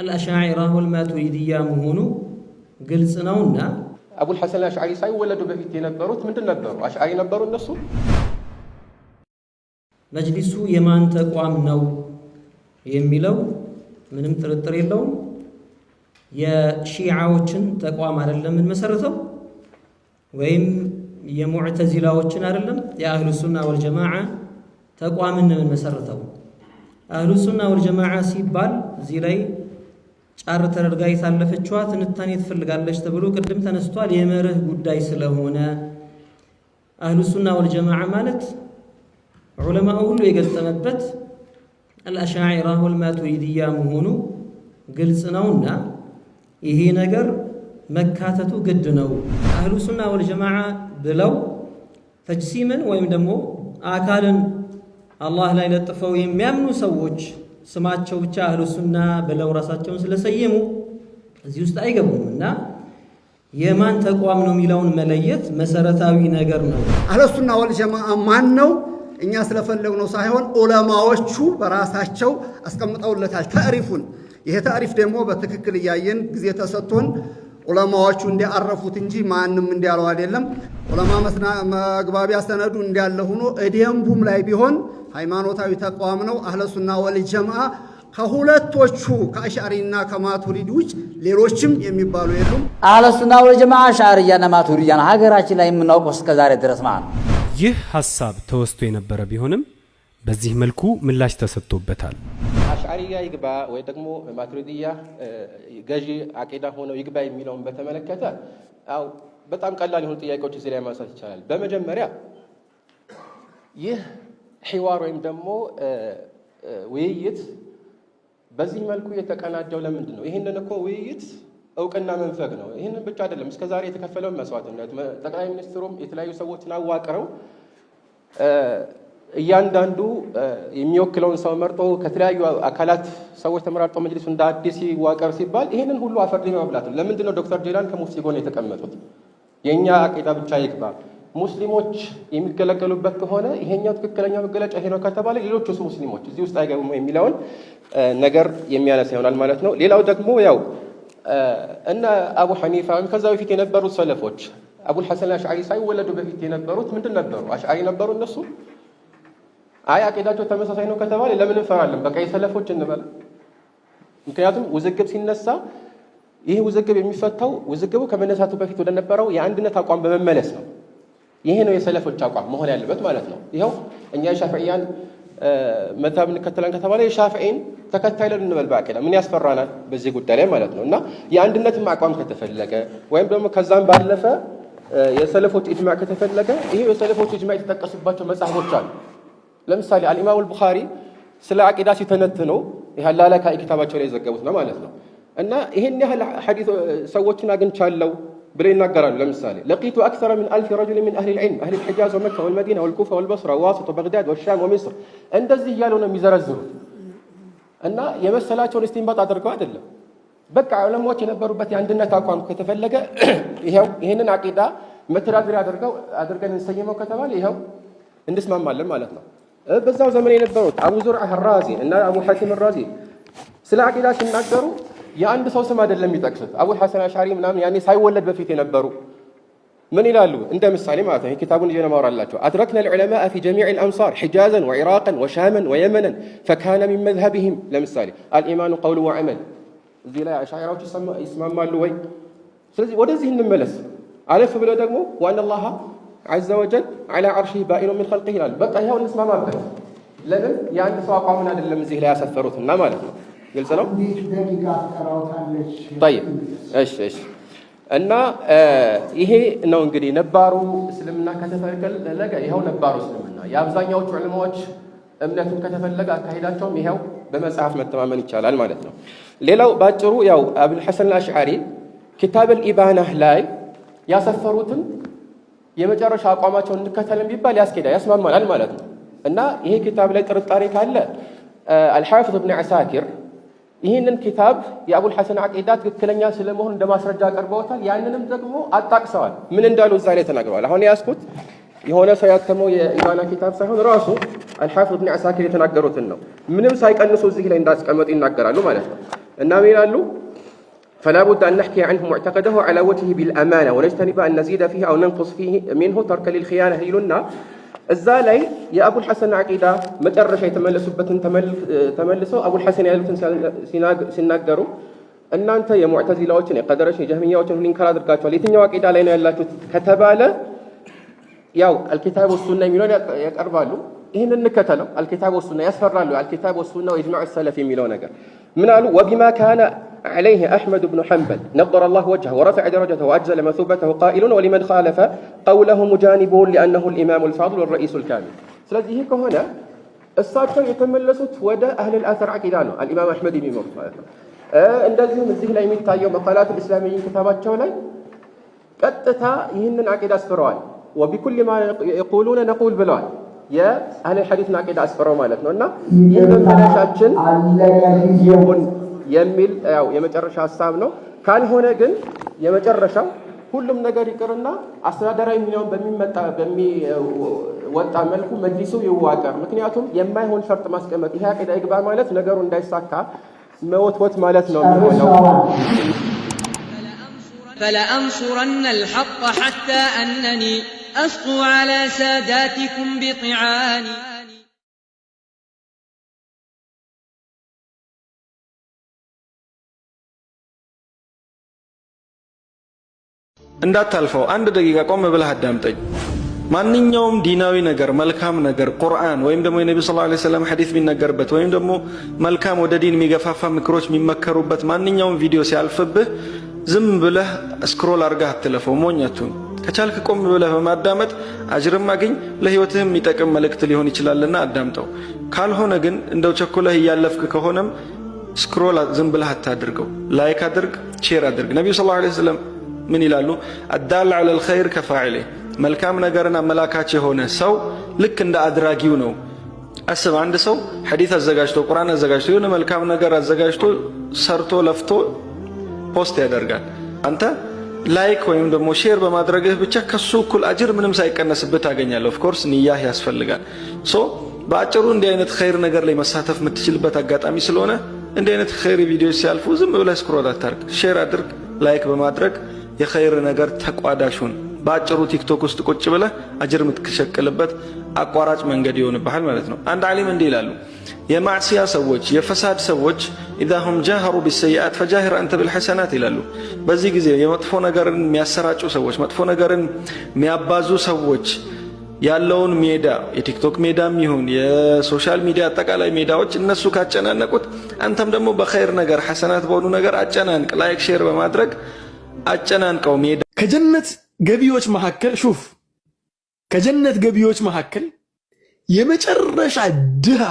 አልአሻዒራ ወልማቱሪድያ መሆኑ ግልጽ ነውና አቡል ሐሰን አሽዓሪ ሳይወለዱ በፊት የነበሩት ምንድን ነበሩ? አሽዓሪ ነበሩ። እነሱ መጅሊሱ የማን ተቋም ነው የሚለው ምንም ጥርጥር የለውም። የሺዓዎችን ተቋም አይደለም የምንመሰርተው ወይም የሙዕተዚላዎችን አይደለም። የአህሉ ሱና ወልጀማዓ ተቋምን የምንመሰርተው አህሉ ሱና ወልጀማዓ ሲባል እዚህ ላይ ጫር ተደርጋ የታለፈችዋ ትንታኔ ትፈልጋለች ተብሎ ቅድም ተነስቷል። የመርህ ጉዳይ ስለሆነ አህሉ ሱና ወልጀማዓ ማለት ዑለማ ሁሉ የገጠመበት አልአሻዒራ ወልማቱሪድያ መሆኑ ግልጽ ነውና ይሄ ነገር መካተቱ ግድ ነው። አህሉ ሱና ወልጀማዓ ብለው ተጅሲምን ወይም ደግሞ አካልን አላህ ላይ ለጥፈው የሚያምኑ ሰዎች ስማቸው ብቻ ሱና ብለው ራሳቸውን ስለሰየሙ እዚህ ውስጥ አይገቡም እና የማን ተቋም ነው የሚለውን መለየት መሰረታዊ ነገር ነው። አህለሱና ወልጀማዓ ማን ነው? እኛ ስለፈለግነው ሳይሆን ዑለማዎቹ በራሳቸው አስቀምጠውለታል ታሪፉን። ይሄ ታሪፍ ደግሞ በትክክል እያየን ጊዜ ተሰጥቶን ዑለማዎቹ እንዲያረፉት እንጂ ማንም እንዲያለው አይደለም። ዑለማ መግባቢያ ሰነዱ እንዳለ ሆኖ ደንቡም ላይ ቢሆን ሃይማኖታዊ ተቋም ነው። አህለሱና ወልጀምአ ከሁለቶቹ ከአሻሪና ከማቱሪድ ውጭ ሌሎችም የሚባሉ የሉም። አህለሱና ወልጀምአ አሻሪያና ማቱሪያና ሀገራችን ላይ የምናውቀው እስከዛሬ ድረስ ማለት ነው። ይህ ሀሳብ ተወስቶ የነበረ ቢሆንም በዚህ መልኩ ምላሽ ተሰጥቶበታል። አሻሪያ ይግባ ወይ ደግሞ ማትሪድያ ገዢ አቂዳ ሆነው ይግባ የሚለውን በተመለከተ አው በጣም ቀላል የሆኑ ጥያቄዎች እዚህ ላይ ማንሳት ይቻላል። በመጀመሪያ ይህ ሒዋር ወይም ደግሞ ውይይት በዚህ መልኩ የተቀናጀው ለምንድን ነው? ይህንን እኮ ውይይት እውቅና መንፈግ ነው። ይህንን ብቻ አይደለም፣ እስከ ዛሬ የተከፈለውን መስዋዕትነት ጠቅላይ ሚኒስትሩም የተለያዩ ሰዎችን አዋቅረው እያንዳንዱ የሚወክለውን ሰው መርጦ ከተለያዩ አካላት ሰዎች ተመራርጠው መጅሊሱ እንደ አዲስ ይዋቀር ሲባል ይህንን ሁሉ አፈርድ መብላት ነው። ለምንድን ነው ዶክተር ጄላን ከሙፍቲ ጎን የተቀመጡት? የእኛ አቂዳ ብቻ ይግባ ሙስሊሞች የሚገለገሉበት ከሆነ ይሄኛው ትክክለኛ መገለጫ ይሄ ነው ከተባለ ሌሎች ውስጥ ሙስሊሞች እዚህ ውስጥ አይገቡም የሚለውን ነገር የሚያነሳ ይሆናል ማለት ነው። ሌላው ደግሞ ያው እነ አቡ ሐኒፋ ወይም ከዛ በፊት የነበሩት ሰለፎች አቡል ሐሰን አሽዓሪ ሳይወለዱ በፊት የነበሩት ምንድን ነበሩ? አሽዓሪ ነበሩ እነሱ አይ አቂዳቸው ተመሳሳይ ነው ከተባለ ለምን እንፈራለን? በቀይ ሰለፎች እንበል። ምክንያቱም ውዝግብ ሲነሳ ይህ ውዝግብ የሚፈታው ውዝግቡ ከመነሳቱ በፊት ወደነበረው የአንድነት አቋም በመመለስ ነው። ይሄ ነው የሰለፎች አቋም መሆን ያለበት ማለት ነው። ይኸው እኛ የሻፍዕያን መዝሀብ እንከተላን ከተባለ የሻፍዒን ተከታይ ለን እንበል። በአቂዳ ምን ያስፈራናል? በዚህ ጉዳይ ላይ ማለት ነው። እና የአንድነትም አቋም ከተፈለገ ወይም ደግሞ ከዛም ባለፈ የሰለፎች ኢጅማዕ ከተፈለገ ይሄ የሰለፎች ኢጅማዕ የተጠቀሱባቸው መጽሐፎች አሉ። ለምሳሌ አልኢማም አልቡኻሪ ስለ አቂዳ ሲተነትነው ይህ አላላካኢ ኪታባቸው ላይ የዘገቡት ነው ማለት ነው። እና ይህን ያህል ሐዲስ ሰዎችን አግኝቻለሁ ብለው ይናገራሉ። ለምሳሌ ለቂቱ አክሰረ ሚን አልፍ ረጁል ምን አህል ልዕልም አህል ልሒጃዝ ወመካ ወልመዲና ወልኩፋ ወልበስራ ዋሲጥ በግዳድ ወሻም ወሚስር እንደዚህ እያሉ ነው የሚዘረዝሩት እና የመሰላቸውን እስቲንባጥ አድርገው አይደለም። በቃ ዑለማዎች የነበሩበት የአንድነት አቋም ከተፈለገ ይኸው ይህንን አቂዳ መተዳደሪያ አድርገን እንሰይመው ከተባለ ይኸው እንስማማለን ማለት ነው። በዛው ዘመን የነበሩት አቡ ዙርዓ ራዚ እና አቡ ሐኪም ራዚ ስለ አቂዳ ሲናገሩ የአንድ ሰው ስም አይደለም የሚጠቅሱት። አቡ ሐሰን አሻሪ ምናምን ያኔ ሳይወለድ በፊት የነበሩ ምን ይላሉ? እንደ ምሳሌ ማለት ነው። ኪታቡን ይዤ ማወራላቸው አድረክና ልዑለማ ፊ ጀሚዕ ልአምሳር ሒጃዘን ወኢራቅን ወሻመን ወየመነን ፈካነ ሚን መዝሀብህም ለምሳሌ አልኢማኑ ቀውሉ ወዐመል። እዚህ ላይ አሻዕራዎች ይስማማሉ ወይ? ስለዚህ ወደዚህ እንመለስ። አለፍ ብሎ ደግሞ ዋና ዐዘ ወጀል ዐላ ዐርሺህ ባኢኑ ሚን ኸልቂህ ይላል። በቃ ይኸው እንስማማበት። ለምን የአንድ ሰው አቋምን አይደለም እዚህ ላይ ያሰፈሩትና ማለት ነው። ግልጽ ነው። እና ይሄ ነው እንግዲህ ነባሩ እስልምና ከተፈለገ ይኸው ነባሩ እስልምና የአብዛኛዎቹ ዕልማዎች እምነቱን ከተፈለገ አካሄዳቸውም ይኸው በመጽሐፍ መተማመን ይቻላል ማለት ነው። ሌላው ባጭሩ ያው አብዱልሐሰን አልአሽዓሪ ኪታብ አልኢባና ላይ ያሰፈሩትን የመጨረሻ አቋማቸውን እንከተልን ቢባል ያስኬዳል፣ ያስማማናል ማለት ነው። እና ይሄ ኪታብ ላይ ጥርጣሬ ካለ አልሓፊዝ እብን አሳኪር ይህንን ኪታብ የአቡል ሐሰን ዓቂዳ ትክክለኛ ስለመሆን እንደ ማስረጃ አቀርበውታል። ያንንም ደግሞ አጣቅሰዋል። ምን እንዳሉ እዛ ላይ ተናግረዋል። አሁን ያስኩት የሆነ ሰው ያተመው የኢባና ኪታብ ሳይሆን ራሱ አልሓፊዝ እብን አሳኪር የተናገሩትን ነው። ምንም ሳይቀንሱ እዚህ ላይ እንዳስቀመጡ ይናገራሉ ማለት ነው። እና ምን ይላሉ? فلا بد أن نحكي عنه معتقده على وجهه بالأمانة ونجتنب أن نزيد فيه أو ننقص فيه منه ترك للخيانة هيሉና እዛ ላይ የአቡል ሐሰን አቂዳ መጨረሻ የተመለሱበትን ተመልሰው አቡል ሐሰን ያሉትን ሲናገሩ እናንተ የሙዕተዚላዎችን የቀደረሽ የጀህሚያዎችን ሁሊንከር አድርጋችኋል የትኛው አቂዳ ላይ ነው ያላችሁት ከተባለ ያው አልኪታብ ሱና የሚለውን ያቀርባሉ ይህንን እንከተለው አልኪታብ ወሱና ያስፈራሉ አልኪታብ ወሱና ወኢጅማዑ ሰለፍ የሚለው ነገር ምን አሉ ወቢማ ካነ عليه أحمد بن حنبل نظر الله وجهه ورفع درجته وأجزل مثوبته قائل ولمن خالف قوله مجانب لأنه الإمام الفاضل والرئيس الكامل سلازي هيك هنا الصادقة يتملست ودا أهل الآثر عقيدانه الإمام أحمد بن مرفع اندازي من ذهن أيمين تايو مقالات الإسلاميين كتابات شولي قد تتا يهنن عقيدات فروان وبكل ما يقولون نقول بلوان የአህለል ሐዲትን አቂዳ አስፈረው ማለት ነው እና ይህ መመለሻችን ይሁን የሚል ያው የመጨረሻ ሀሳብ ነው። ካልሆነ ግን የመጨረሻው ሁሉም ነገር ይቅርና አስተዳደራዊ ሚናውን በሚመጣ በሚወጣ መልኩ መጅሊሱ ይዋቀር። ምክንያቱም የማይሆን ሸርጥ ማስቀመጥ ይሄ አቂዳ ይግባ ማለት ነገሩ እንዳይሳካ መወትወት ማለት ነው የሚሆነው። فلأنصرن الحق حتى أنني أسقوا على ساداتكم بطعاني እንዳታልፈው አንድ ደቂቃ ቆም ብለህ አዳምጠኝ። ማንኛውም ዲናዊ ነገር፣ መልካም ነገር ቁርአን ወይም ደግሞ የነቢ ስ ላ ሰለም ሐዲስ የሚነገርበት ወይም ደግሞ መልካም ወደ ዲን የሚገፋፋ ምክሮች የሚመከሩበት ማንኛውም ቪዲዮ ሲያልፍብህ ዝም ብለህ ስክሮል አድርጋህ አትለፈው። ሞኛቱን ከቻልክ ቆም ብለህ በማዳመጥ አጅርም አግኝ፣ ለህይወትህም የሚጠቅም መልእክት ሊሆን ይችላልና አዳምጠው። ካልሆነ ግን እንደው ቸኩለህ እያለፍክ ከሆነም ስክሮል ዝም ብለህ አታድርገው። ላይክ አድርግ፣ ቼር አድርግ። ነቢዩ ስ ላ ወሰለም ምን ይላሉ? አዳል ዐለል ኸይር ከፋዕሌ መልካም ነገርን አመላካች የሆነ ሰው ልክ እንደ አድራጊው ነው። አስብ፣ አንድ ሰው ሐዲት አዘጋጅቶ ቁርአን አዘጋጅቶ የሆነ መልካም ነገር አዘጋጅቶ ሰርቶ ለፍቶ ፖስት ያደርጋል። አንተ ላይክ ወይም ደግሞ ሼር በማድረግህ ብቻ ከሱ እኩል አጅር ምንም ሳይቀነስብህ ታገኛለህ። ኦፍኮርስ ንያህ ያስፈልጋል። ሶ በአጭሩ እንዲህ አይነት ኸይር ነገር ላይ መሳተፍ የምትችልበት አጋጣሚ ስለሆነ እንዲህ አይነት ኸይር ቪዲዮዎች ሲያልፉ ዝም ብለህ ስክሮል አታርግ፣ ሼር አድርግ፣ ላይክ በማድረግ የኸይር ነገር ተቋዳሹን በአጭሩ ቲክቶክ ውስጥ ቁጭ ብለህ አጅር የምትሸቅልበት አቋራጭ መንገድ ይሆንብሃል ማለት ነው። አንድ ዓሊም እንዲህ ይላሉ፣ የማዕስያ ሰዎች የፈሳድ ሰዎች ኢዛ ሁም ጃሃሩ ቢሰይአት ፈጃሂር አንተ ብልሐሰናት ይላሉ። በዚህ ጊዜ የመጥፎ ነገርን የሚያሰራጩ ሰዎች፣ መጥፎ ነገርን የሚያባዙ ሰዎች ያለውን ሜዳ የቲክቶክ ሜዳም ይሁን የሶሻል ሚዲያ አጠቃላይ ሜዳዎች እነሱ ካጨናነቁት አንተም ደግሞ በኸይር ነገር ሐሰናት በሆኑ ነገር አጨናንቅ። ላይክ ሼር በማድረግ አጨናንቀው ሜዳ ከጀነት ገቢዎች መካከል ሹፍ ከጀነት ገቢዎች መካከል የመጨረሻ ድሃ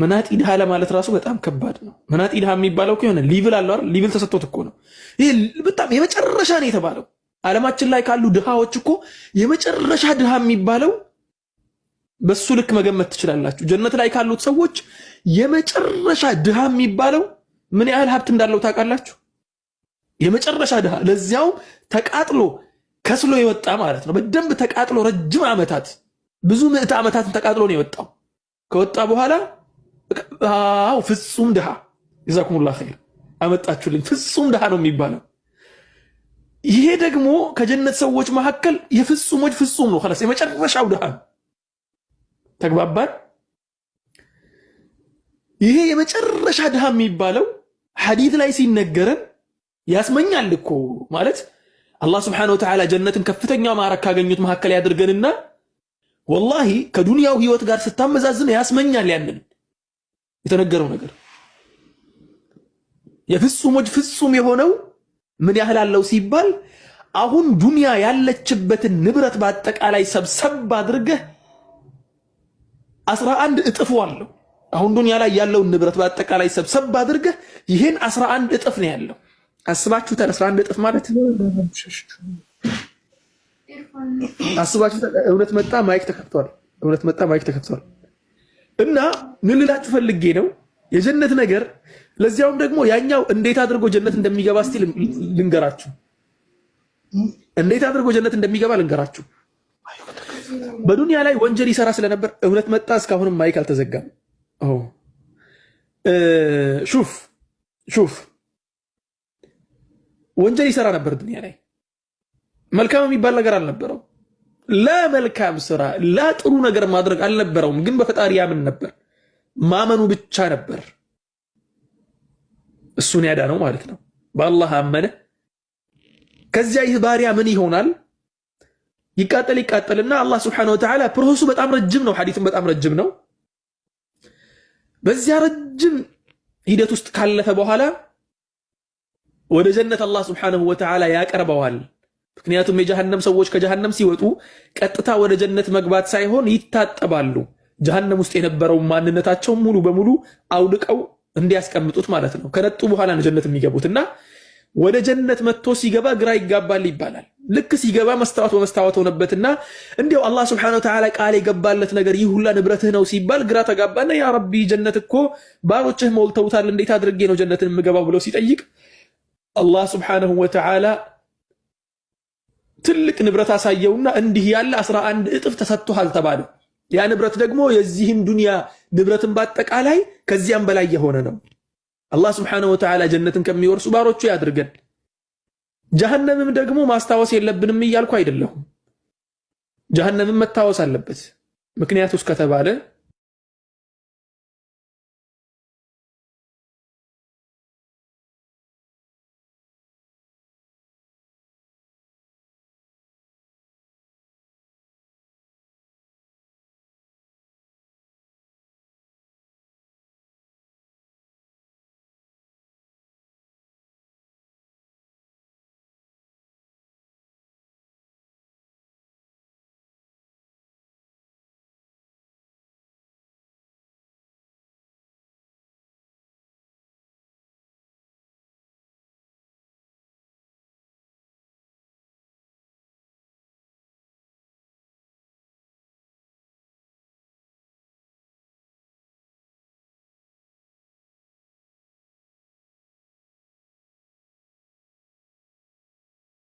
መናጢ ድሃ ለማለት ራሱ በጣም ከባድ ነው። መናጢ ድሃ የሚባለው እኮ የሆነ ሊብል አለው አይደል? ተሰጥቶት እኮ ነው። ይሄ በጣም የመጨረሻ ነው የተባለው። ዓለማችን ላይ ካሉ ድሃዎች እኮ የመጨረሻ ድሃ የሚባለው በሱ ልክ መገመት ትችላላችሁ። ጀነት ላይ ካሉት ሰዎች የመጨረሻ ድሃ የሚባለው ምን ያህል ሀብት እንዳለው ታውቃላችሁ? የመጨረሻ ድሃ ለዚያውም ተቃጥሎ ከስሎ የወጣ ማለት ነው። በደንብ ተቃጥሎ ረጅም ዓመታት ብዙ ምዕተ ዓመታትን ተቃጥሎ ነው የወጣው። ከወጣ በኋላ አዎ ፍጹም ድሃ ጀዛኩሙላህ ኸይር አመጣችሁልኝ። ፍጹም ድሃ ነው የሚባለው። ይሄ ደግሞ ከጀነት ሰዎች መካከል የፍጹሞች ፍጹም ነው። ኸላስ የመጨረሻው ድሃ ተግባባን። ይሄ የመጨረሻ ድሃ የሚባለው ሐዲት ላይ ሲነገረን ያስመኛል እኮ ማለት አላህ ስብሓነሁ ወተዓላ ጀነትን ከፍተኛ ማዕረግ ካገኙት መካከል ያድርገንና ወላሂ ከዱንያው ህይወት ጋር ስታመዛዝን ያስመኛል። ያንን የተነገረው ነገር የፍጹሞች ፍጹም የሆነው ምን ያህል አለው ሲባል አሁን ዱንያ ያለችበትን ንብረት በአጠቃላይ ሰብሰብ አድርገህ አስራ አንድ እጥፉ አለው። አሁን ዱንያ ላይ ያለውን ንብረት በአጠቃላይ ሰብሰብ አድርገህ ይህን አስራ አንድ እጥፍ ነው ያለው። አስባችሁታል። አስራ አንድ እጥፍ ማለት አስባችሁታል። እውነት መጣ ማይክ ተከፍቷል። እውነት መጣ ማይክ ተከፍቷል። እና ምን ልላችሁ ፈልጌ ነው የጀነት ነገር ለዚያውም ደግሞ ያኛው እንዴት አድርጎ ጀነት እንደሚገባ እስቲ ልንገራችሁ። እንዴት አድርጎ ጀነት እንደሚገባ ልንገራችሁ። በዱንያ ላይ ወንጀል ይሰራ ስለነበር እውነት መጣ እስካሁንም ማይክ አልተዘጋም። ሹፍ ሹፍ ወንጀል ይሰራ ነበር። ዱኒያ ላይ መልካም የሚባል ነገር አልነበረው። ለመልካም ስራ ለጥሩ ነገር ማድረግ አልነበረውም። ግን በፈጣሪ ያምን ነበር። ማመኑ ብቻ ነበር እሱን ያዳነው ማለት ነው። በአላህ አመነ። ከዚያ ይህ ባሪያ ምን ይሆናል? ይቃጠል ይቃጠልና፣ አላህ ስብሐነሁ ወተዓላ ፕሮሰሱ በጣም ረጅም ነው። ሐዲትም በጣም ረጅም ነው። በዚያ ረጅም ሂደት ውስጥ ካለፈ በኋላ ወደ ጀነት አላህ ስብሓንሁ ወተዓላ ያቀርበዋል። ምክንያቱም የጀሃነም ሰዎች ከጀሃነም ሲወጡ ቀጥታ ወደ ጀነት መግባት ሳይሆን ይታጠባሉ። ጀሃነም ውስጥ የነበረውን ማንነታቸውን ሙሉ በሙሉ አውልቀው እንዲያስቀምጡት ማለት ነው። ከነጡ በኋላ ነው ጀነት የሚገቡት እና ወደ ጀነት መጥቶ ሲገባ ግራ ይጋባል ይባላል። ልክ ሲገባ መስታወት በመስታወት ሆነበትና እንዲያው አላህ ስብሓነሁ ወተዓላ ቃል የገባለት ነገር ይህ ሁላ ንብረትህ ነው ሲባል ግራ ተጋባና፣ ያ ረቢ ጀነት እኮ ባሮችህ ሞልተውታል፣ እንዴት አድርጌ ነው ጀነትን የምገባው ብሎ ሲጠይቅ አላህ ስብሓነሁ ወተዓላ ትልቅ ንብረት አሳየውና እንዲህ ያለ 11 እጥፍ ተሰጥቶሃል ተባለ። ያ ንብረት ደግሞ የዚህን ዱንያ ንብረትን በአጠቃላይ ከዚያም በላይ የሆነ ነው። አላህ ስብሓነሁ ወተዓላ ጀነትን ከሚወርሱ ባሮቹ ያድርገን። ጀሀነምም ደግሞ ማስታወስ የለብንም እያልኩ አይደለሁም። ጀሀነምም መታወስ አለበት ምክንያቱስ ከተባለ